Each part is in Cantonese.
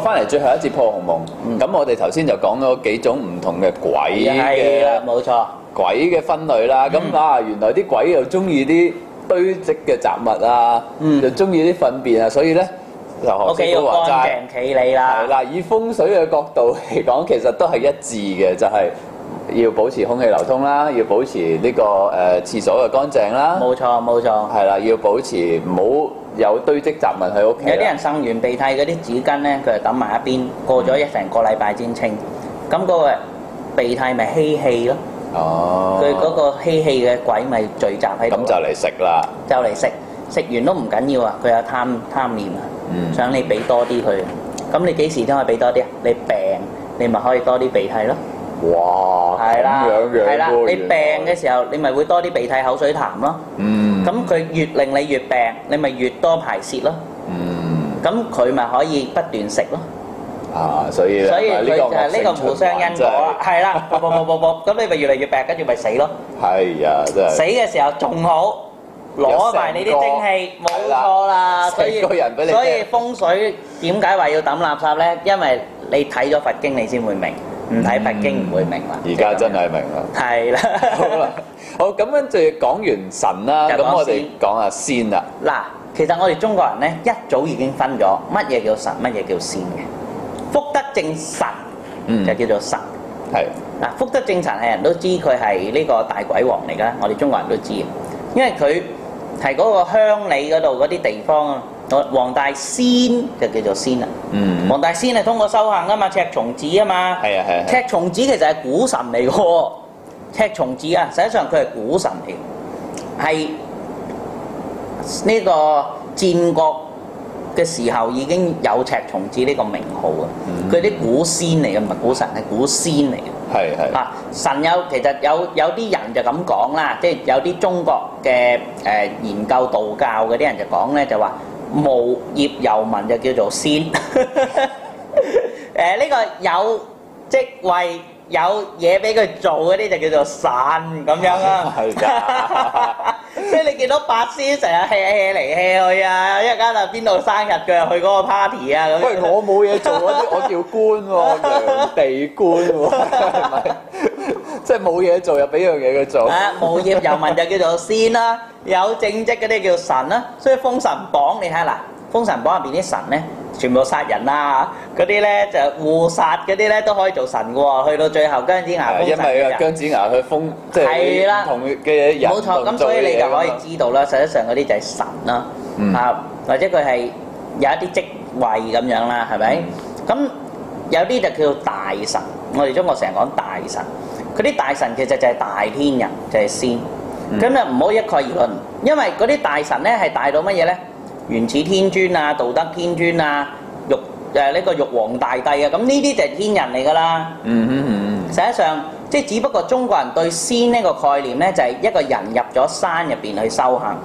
翻嚟最後一節破鴻蒙，咁、嗯、我哋頭先就講咗幾種唔同嘅鬼嘅，冇錯。錯鬼嘅分類啦，咁啊、嗯、原來啲鬼又中意啲堆積嘅雜物啊，嗯、又中意啲糞便啊，所以咧就學識要乾淨企理啦。嗱，以風水嘅角度嚟講，其實都係一致嘅，就係、是。要保持空氣流通啦，要保持呢個誒廁所嘅乾淨啦。冇錯，冇錯。係啦，要保持唔好有堆積雜物喺屋企。有啲人擤完鼻涕嗰啲紙巾咧，佢就抌埋一邊，過咗一成個禮拜先清。咁個鼻涕咪穢氣咯。哦。佢嗰個穢氣嘅鬼咪聚集喺度。咁就嚟食啦。就嚟食，食完都唔緊要啊！佢有貪貪念啊，想你俾多啲佢。咁你幾時都可以俾多啲啊？你病，你咪可以多啲鼻涕咯。哇，咁樣樣嘅嘢，你病嘅時候，你咪會多啲鼻涕、口水痰咯。嗯，咁佢越令你越病，你咪越多排泄咯。嗯，咁佢咪可以不斷食咯。啊，所以所以佢就係呢個互相因果，係啦，啵啵啵啵啵，咁你咪越嚟越病，跟住咪死咯。係啊，真係死嘅時候仲好，攞埋你啲精氣，冇錯啦。所以所以風水點解話要抌垃圾咧？因為你睇咗佛經，你先會明。唔睇佛經唔會明白，而家真係明白。係啦。好啦，好，咁樣就講完神啦，咁我哋講下仙啦。嗱，其實我哋中國人咧一早已經分咗乜嘢叫神，乜嘢叫仙嘅。福德正神就叫做神，係，嗱，福德正神係人都知佢係呢個大鬼王嚟㗎，我哋中國人都知，因為佢係嗰個鄉里嗰度嗰啲地方啊。黃大仙就叫做仙啦。嗯，黃大仙係通過修行啊嘛，赤松子啊嘛。係啊係啊。啊啊赤松子其實係古神嚟嘅，赤松子啊，實際上佢係古神嚟，係呢個戰國嘅時候已經有赤松子呢個名號啊。佢啲、嗯、古仙嚟嘅，唔係古神，係古仙嚟。係係啊，啊神有其實有有啲人就咁講啦，即、就、係、是、有啲中國嘅誒、呃、研究道教嘅啲人就講咧，就話、是。無業遊民就叫做仙、 欸，誒、這、呢個有職位有嘢俾佢做嗰啲就叫做神、啊 oh my 嗯。咁樣啦，係㗎，即係你見到八仙成日 hea 嚟 hea 去啊，一陣間就邊度生日佢又去嗰個 party 啊。不如我冇嘢做嗰啲，我叫官喎、哦，叫地官喎。即係冇嘢做又俾樣嘢佢做，啊無業遊民就叫做仙啦，有正職嗰啲叫神啦。所以封神榜你睇下，封神榜入邊啲神咧，全部殺人啊，嗰啲咧就互殺嗰啲咧都可以做神嘅喎。去到最後姜子牙封神，因為姜子牙去封，即係同佢嘅嘢冇錯。咁所以你就可以知道啦，實際上嗰啲就係神啦，啊或者佢係有一啲職位咁樣啦，係咪？咁有啲就叫大神，我哋中國成日講大神。佢啲大神其實就係大天人，就係、是、仙。咁又唔好一概而論，因為嗰啲大神咧係大到乜嘢咧？原始天尊啊，道德天尊啊，玉誒呢、呃這個玉皇大帝啊，咁呢啲就係天人嚟噶啦。嗯哼哼。嗯嗯、實際上，即係只不過中國人對仙呢個概念咧，就係、是、一個人入咗山入邊去修行。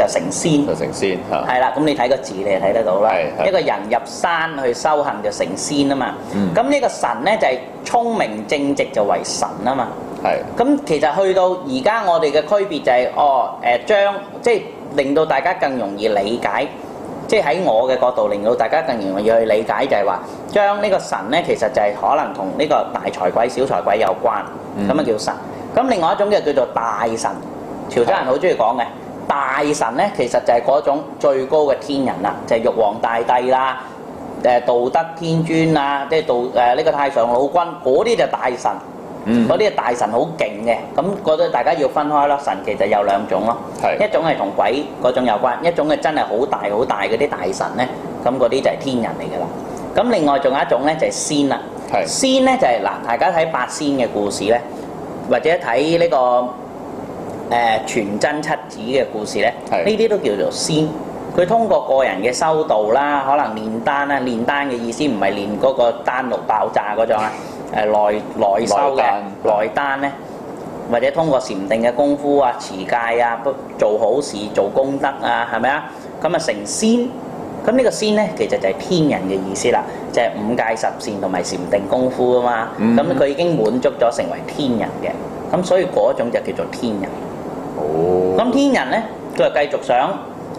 就成仙，就成仙嚇。係啦的，咁你睇個字，你就睇得到啦。的一個人入山去修行就成仙啊嘛。咁呢、嗯、個神呢，就係、是、聰明正直就為神啊嘛。係的。咁其實去到而家我哋嘅區別就係、是、哦誒、呃、將即係、就是、令到大家更容易理解，即係喺我嘅角度令到大家更容易去理解就係話將呢個神呢，其實就係可能同呢個大財鬼、小財鬼有關，咁啊、嗯、叫神。咁另外一種嘅叫做大神，潮州人好中意講嘅。大神咧，其實就係嗰種最高嘅天人啦，就係、是、玉皇大帝啦，誒道德天尊啊，即係道誒呢、呃這個太上老君嗰啲就大神，嗰啲、嗯、大神好勁嘅。咁覺得大家要分開咯。神其實有兩種咯，是的 一種係同鬼嗰種有關，一種係真係好大好大嗰啲大神咧，咁嗰啲就係天人嚟噶啦。咁另外仲有一種咧就係、是、仙啦，是的 仙咧就係、是、嗱，大家睇八仙嘅故事咧，或者睇呢、這個。誒全真七子嘅故事咧，呢啲都叫做仙。佢通過個人嘅修道啦，可能煉丹啦，煉丹嘅意思唔係煉嗰個丹爐爆炸嗰種啊。誒內內修嘅內丹咧，或者通過禪定嘅功夫啊、持戒啊、做好事、做功德啊，係咪啊？咁啊成仙。咁呢個仙咧，其實就係天人嘅意思啦，就係五戒十善同埋禪定功夫啊嘛。咁佢已經滿足咗成為天人嘅。咁所以嗰種就叫做天人。咁天人咧，佢係繼續想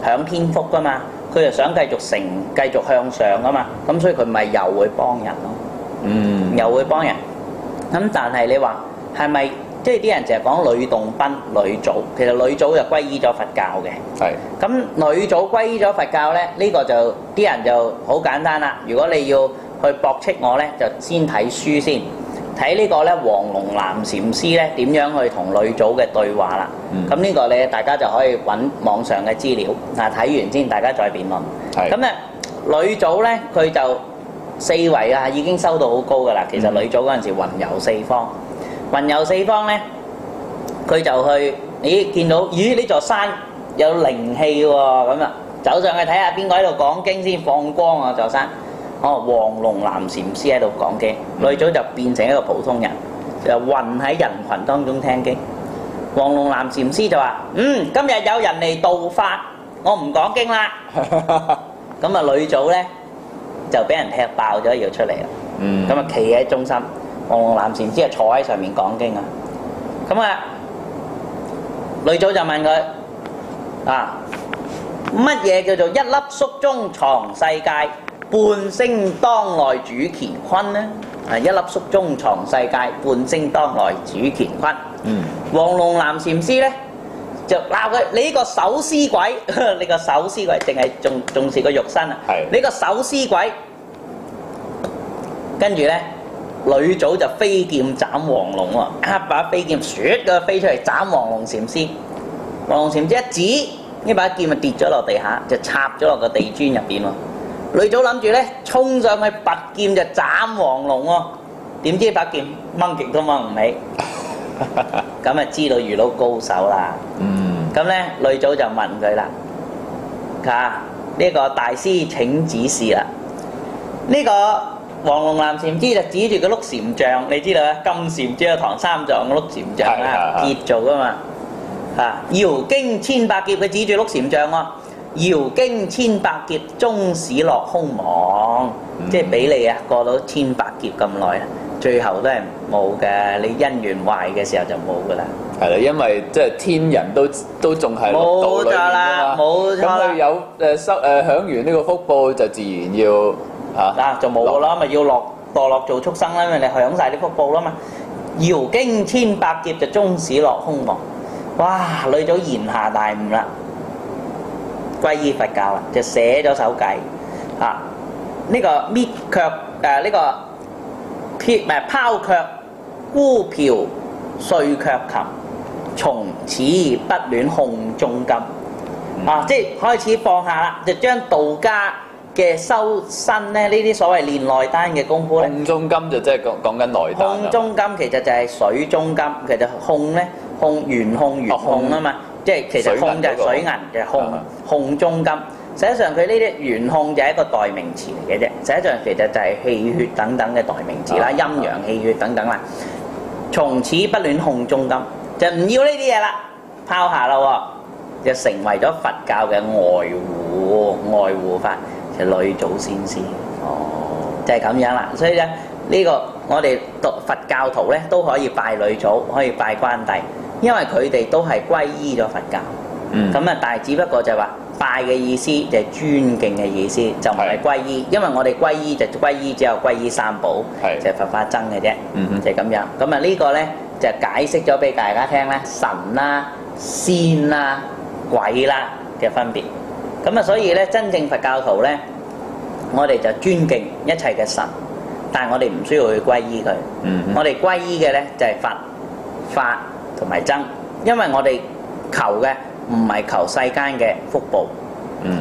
享天福噶嘛，佢就想繼續成，繼續向上噶嘛，咁所以佢咪又會幫人咯，嗯，又會幫人。咁但係你話係咪，即係啲人淨係講呂洞賓、呂祖，其實呂祖就歸依咗佛教嘅，係。咁呂祖歸依咗佛教咧，呢個就啲人就好簡單啦。如果你要去駁斥我咧，就先睇書先。睇呢個咧黃龍南禪師咧點樣去同呂祖嘅對話啦？咁呢、嗯、個咧大家就可以揾網上嘅資料啊，睇完先大家再辯論。咁咧呂祖咧佢就四圍啊，已經修到好高噶啦。其實呂祖嗰陣時雲遊四方，雲遊四方咧佢就去咦見到咦呢座山有靈氣喎咁啊，走上去睇下邊個喺度講經先放光啊座山。哦，黃龍南禪師喺度講經，呂祖、mm hmm. 就變成一個普通人，就混喺人群當中聽經。黃龍南禪師就話：嗯，今日有人嚟盜法，我唔講經啦。咁啊， 呂祖咧就俾人踢爆咗，要出嚟啦。咁啊、mm，企、hmm. 喺中心，黃龍南禪師啊坐喺上面講經啊。咁啊，呂祖就問佢啊，乜嘢叫做一粒粟中藏世界？半星當內主乾坤咧，啊，一粒粟中藏世界，半星當內主乾坤。嗯，黃龍藍禪師咧就鬧佢，你呢個守屍鬼， 你個守屍鬼淨係重重視個肉身啊！係的你個守屍鬼。跟住咧呂祖就飛劍斬黃龍喎，一把飛劍雪咁飛出嚟斬黃龍禪師，黃龍禪師一指，呢把劍咪跌咗落地下，就插咗落個地磚入邊喎。呂祖諗住咧，衝上去拔劍就斬黃龍喎、啊，點知拔劍掹極都掹唔起，咁啊 知道遇到高手啦。嗯，咁咧呂祖就問佢啦，啊呢、這個大師請指示啦。呢、這個黃龍南禪師就指住個碌禪杖，你知道啊？金禪師啊，唐三藏個碌禪杖啊， 結做噶嘛，啊搖經千百劫、啊，佢指住碌禪杖喎。繞經千百劫，終始落空亡，即係俾你啊過到千百劫咁耐，最後都係冇嘅。你因緣壞嘅時候就冇噶啦。係啦，因為即係天人都都仲喺六道裏面啦。冇錯啦，冇錯。咁佢有誒收誒享完呢個福報就自然要嚇啊，就冇啦，咪要落墮落做畜生啦，因為你享曬啲福報啦嘛。繞經千百劫就終始落空亡，哇！呂祖言下大悟啦～皈依佛教啦，就寫咗首偈啊！呢、這個搣卻誒呢個撇唔係拋卻烏瓢碎卻琴，從此而不戀汞中金、嗯、啊！即係開始放下啦，就將道家嘅修身咧，呢啲所謂練內丹嘅功夫咧。汞中金就真係講講緊內丹啦。汞中金其實就係水中金，其實控咧控，越控越控啊嘛。即係其實控就係水銀嘅、那個、控，的控中金。實際上佢呢啲原控就係一個代名詞嚟嘅啫。實際上其實就係氣血等等嘅代名詞啦，嗯、陰陽氣血等等啦。的從此不戀控中金，就唔要呢啲嘢啦，拋下啦，就成為咗佛教嘅外護外護法嘅、就是、女祖先先。哦的，就係咁樣啦。所以咧，呢個我哋讀佛教徒咧都可以拜女祖，可以拜關帝。因為佢哋都係皈依咗佛教，咁啊、嗯，但係只不過就係話拜嘅意思就係尊敬嘅意思，就唔係皈依。的因為我哋皈依就皈依只有皈依三寶，就係佛法僧嘅啫，就係咁樣。咁啊，呢個咧就解釋咗俾大家聽咧神啦、仙啦、鬼啦嘅分別。咁啊，所以咧真正佛教徒咧，我哋就尊敬一切嘅神，但係我哋唔需要去皈依佢。嗯、哼我哋皈依嘅咧就係、是、佛法。同埋增，因為我哋求嘅唔係求世間嘅福報。嗯，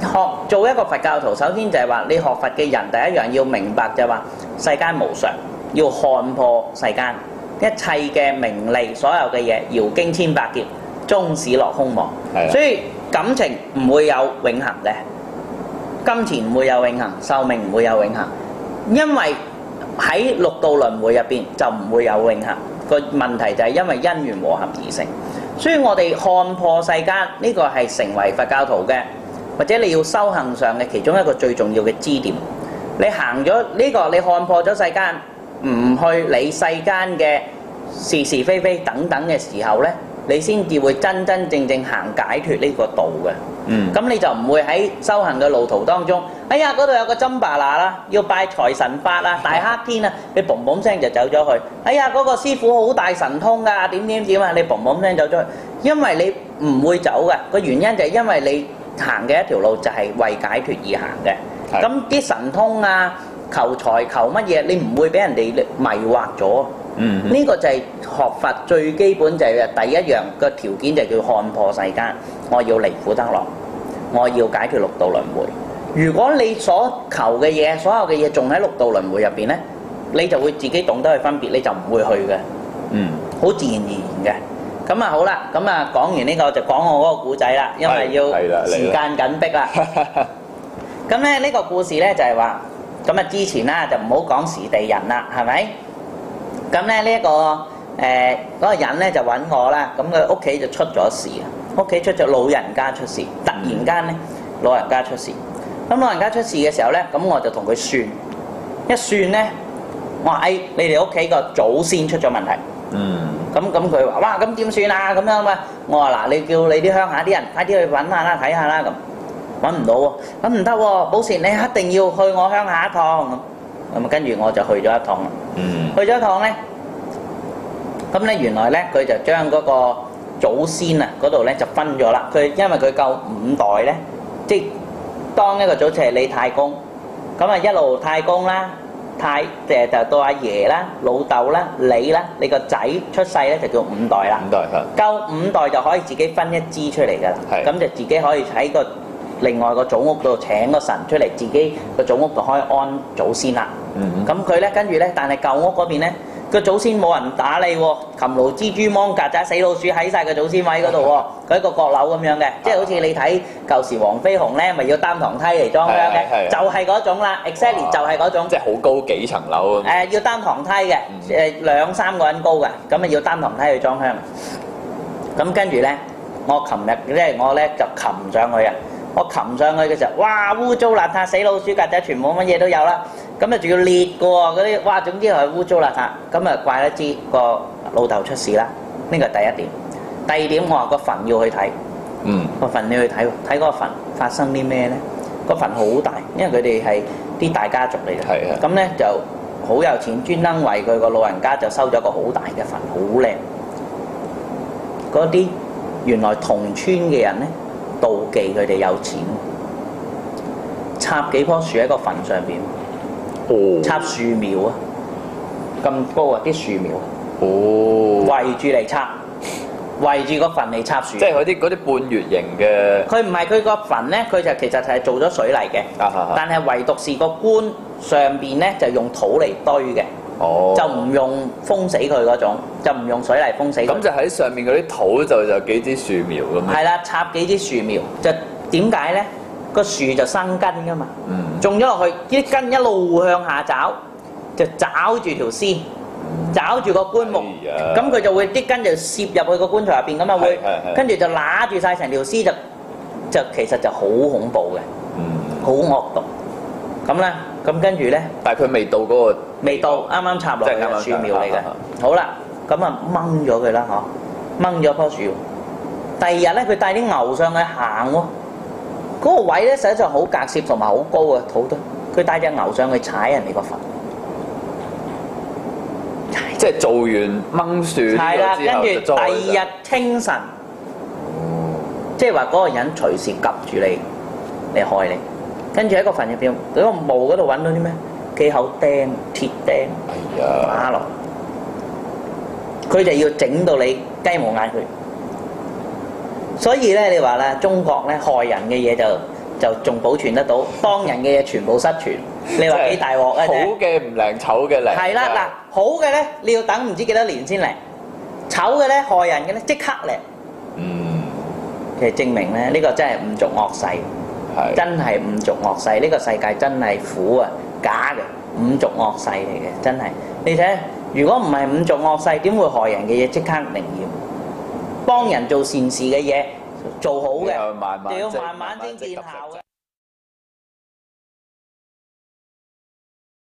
學做一個佛教徒，首先就係話你學佛嘅人，第一樣要明白就係話世間無常，要看破世間一切嘅名利，所有嘅嘢搖經千百劫，終始落空亡。係，所以感情唔會有永恆嘅，金錢唔會有永恆，壽命唔會有永恆，因為喺六道輪迴入邊就唔會有永恆。個問題就係因為因緣和合而成，所以我哋看破世間呢個係成為佛教徒嘅，或者你要修行上嘅其中一個最重要嘅支點。你行咗呢個，你看破咗世間，唔去理世間嘅是是非非等等嘅時候呢，你先至會真真正正行解脱呢個道嘅。嗯，咁你就唔會喺修行嘅路途當中。哎呀，嗰度有個針巴拿啦，要拜財神法啊！大黑天啊，你嘣嘣聲就走咗去。哎呀，嗰、那個師傅好大神通噶，啊，點點點啊！你嘣嘣聲走咗去，因為你唔會走嘅個原因就係因為你行嘅一條路就係為解脱而行嘅。咁啲的神通啊，求財求乜嘢，你唔會俾人哋迷惑咗。嗯哼，呢個就係學佛最基本就係第一樣嘅條件，就叫看破世間。我要離苦得樂，我要解決六道輪迴。如果你所求嘅嘢，所有嘅嘢，仲喺六道輪迴入邊咧，你就會自己懂得去分別，你就唔會去嘅，嗯，好自然而然嘅。咁啊，好啦、這個，咁啊，講完呢個就講我嗰個故仔啦，因為要時間緊迫啦。咁咧 呢、這個故事咧就係、是、話，咁啊之前啦就唔好講時地人啦，係咪？咁咧呢一個誒嗰、呃那個人咧就揾我啦，咁佢屋企就出咗事啊，屋企出咗老人家出事，突然間咧老人家出事。咁老人家出事嘅時候咧，咁我就同佢算，一算咧，我話：哎，你哋屋企個祖先出咗問題。嗯。咁咁佢話：哇，咁點算啊？咁樣啊？我話嗱，你叫你啲鄉下啲人快啲去揾下啦，睇下啦咁。揾唔到喎、啊，咁唔得喎，寶善你一定要去我鄉下一趟咁。咁跟住我就去咗一趟啦。嗯。去咗一趟咧，咁咧原來咧佢就將嗰個祖先啊嗰度咧就分咗啦。佢因為佢夠五代咧，即係。當一個祖先係你太公，咁啊一路太公啦，太，誒就到阿爺啦，老豆啦、你啦，你個仔出世咧就叫五代啦。五代係啊。夠五代就可以自己分一支出嚟㗎啦。係。咁就自己可以喺個另外個祖屋度請個神出嚟，自己個祖屋就可以安祖先啦。嗯。咁佢咧跟住咧，但係舊屋嗰邊咧。個祖先冇人打理喎、喔，琴爐蜘蛛、曱甴死老鼠喺晒個祖先位嗰度喎，佢、嗯、一個閣樓咁樣嘅，啊、即係好似你睇舊時黃飛鴻咧，咪要擔堂梯嚟裝香嘅，就係、是、嗰、嗯、種啦哇，exactly 就係嗰種。即係好高幾層樓。誒、嗯，要擔堂梯嘅，誒兩三個人高嘅，咁咪要擔堂梯去裝香。咁跟住咧，我琴日即係咧，我咧就擒上去啊！我擒上去嘅時候，哇！污糟邋遢，死老鼠、曱甴、全部乜嘢都有啦。蜥蜥蜥蜥蜥蜥蜥蜥咁啊，仲要裂過喎，嗰啲哇，總之係污糟邋遢。咁、嗯、啊，怪得知個老豆出事啦。呢個第一點，第二點，我話個墳要去睇，嗯，個墳你去睇，睇嗰個墳發生啲咩咧？個墳好大，因為佢哋係啲大家族嚟嘅，咁咧的就好有錢，專登為佢個老人家就收咗個好大嘅墳，好靚。嗰啲原來同村嘅人咧妒忌佢哋有錢，插幾棵樹喺個墳上邊。哦、插樹苗啊！咁高啊啲樹苗，哦、圍住嚟插，圍住個墳嚟插樹苗。即係佢啲啲半月形嘅。佢唔係佢個墳咧，佢就其實係做咗水泥嘅。啊啊、但係唯獨是個棺上邊咧，就用土嚟堆嘅。哦。就唔用封死佢嗰種，就唔用水泥封死。咁就喺上面嗰啲土就就幾支樹苗咁樣？係啦，插幾支樹苗，就點解咧？個樹就生根噶嘛，種咗落去，啲根一路向下找，就找住條絲，找住個棺木，咁佢就會啲根就攝入去個棺材入邊，咁啊會，跟住就揦住曬成條絲，就就其實就好恐怖嘅，好惡毒。咁咧，咁跟住咧，但係佢未到嗰個，未到，啱啱插落個樹苗嚟嘅，好啦，咁啊掹咗佢啦，嗬，掹咗棵樹。第二日咧，佢帶啲牛上去行喎。嗰個位咧，實際上好隔涉同埋好高啊！土堆，佢帶隻牛上去踩人哋個墳，即係做完掹船，係喇，跟住第二日清晨，即係話嗰個人隨時 𥄫 住你，嚟害你。跟住喺個墳入邊，喺個墓嗰度揾到啲咩？幾口釘、鐵釘，掛落，佢就要整到你雞毛眼血。所以咧，你話咧，中國咧害人嘅嘢就就仲保存得到，幫人嘅嘢全部失傳，你話幾大鑊啊？啫好嘅唔靈，醜嘅靈。係啦，嗱，好嘅咧，你要等唔知幾多年先靈；醜嘅咧，害人嘅咧，即刻靈。嗯，其實證明咧，呢個真係五濁惡世，係，真係五濁惡世。呢個世界真係苦啊，假嘅五濁惡世嚟嘅，真係。而且如果唔係五濁惡世，點會害人嘅嘢即刻靈驗？幫人做善事嘅嘢，做好嘅，就要慢慢先見效嘅。慢慢整整整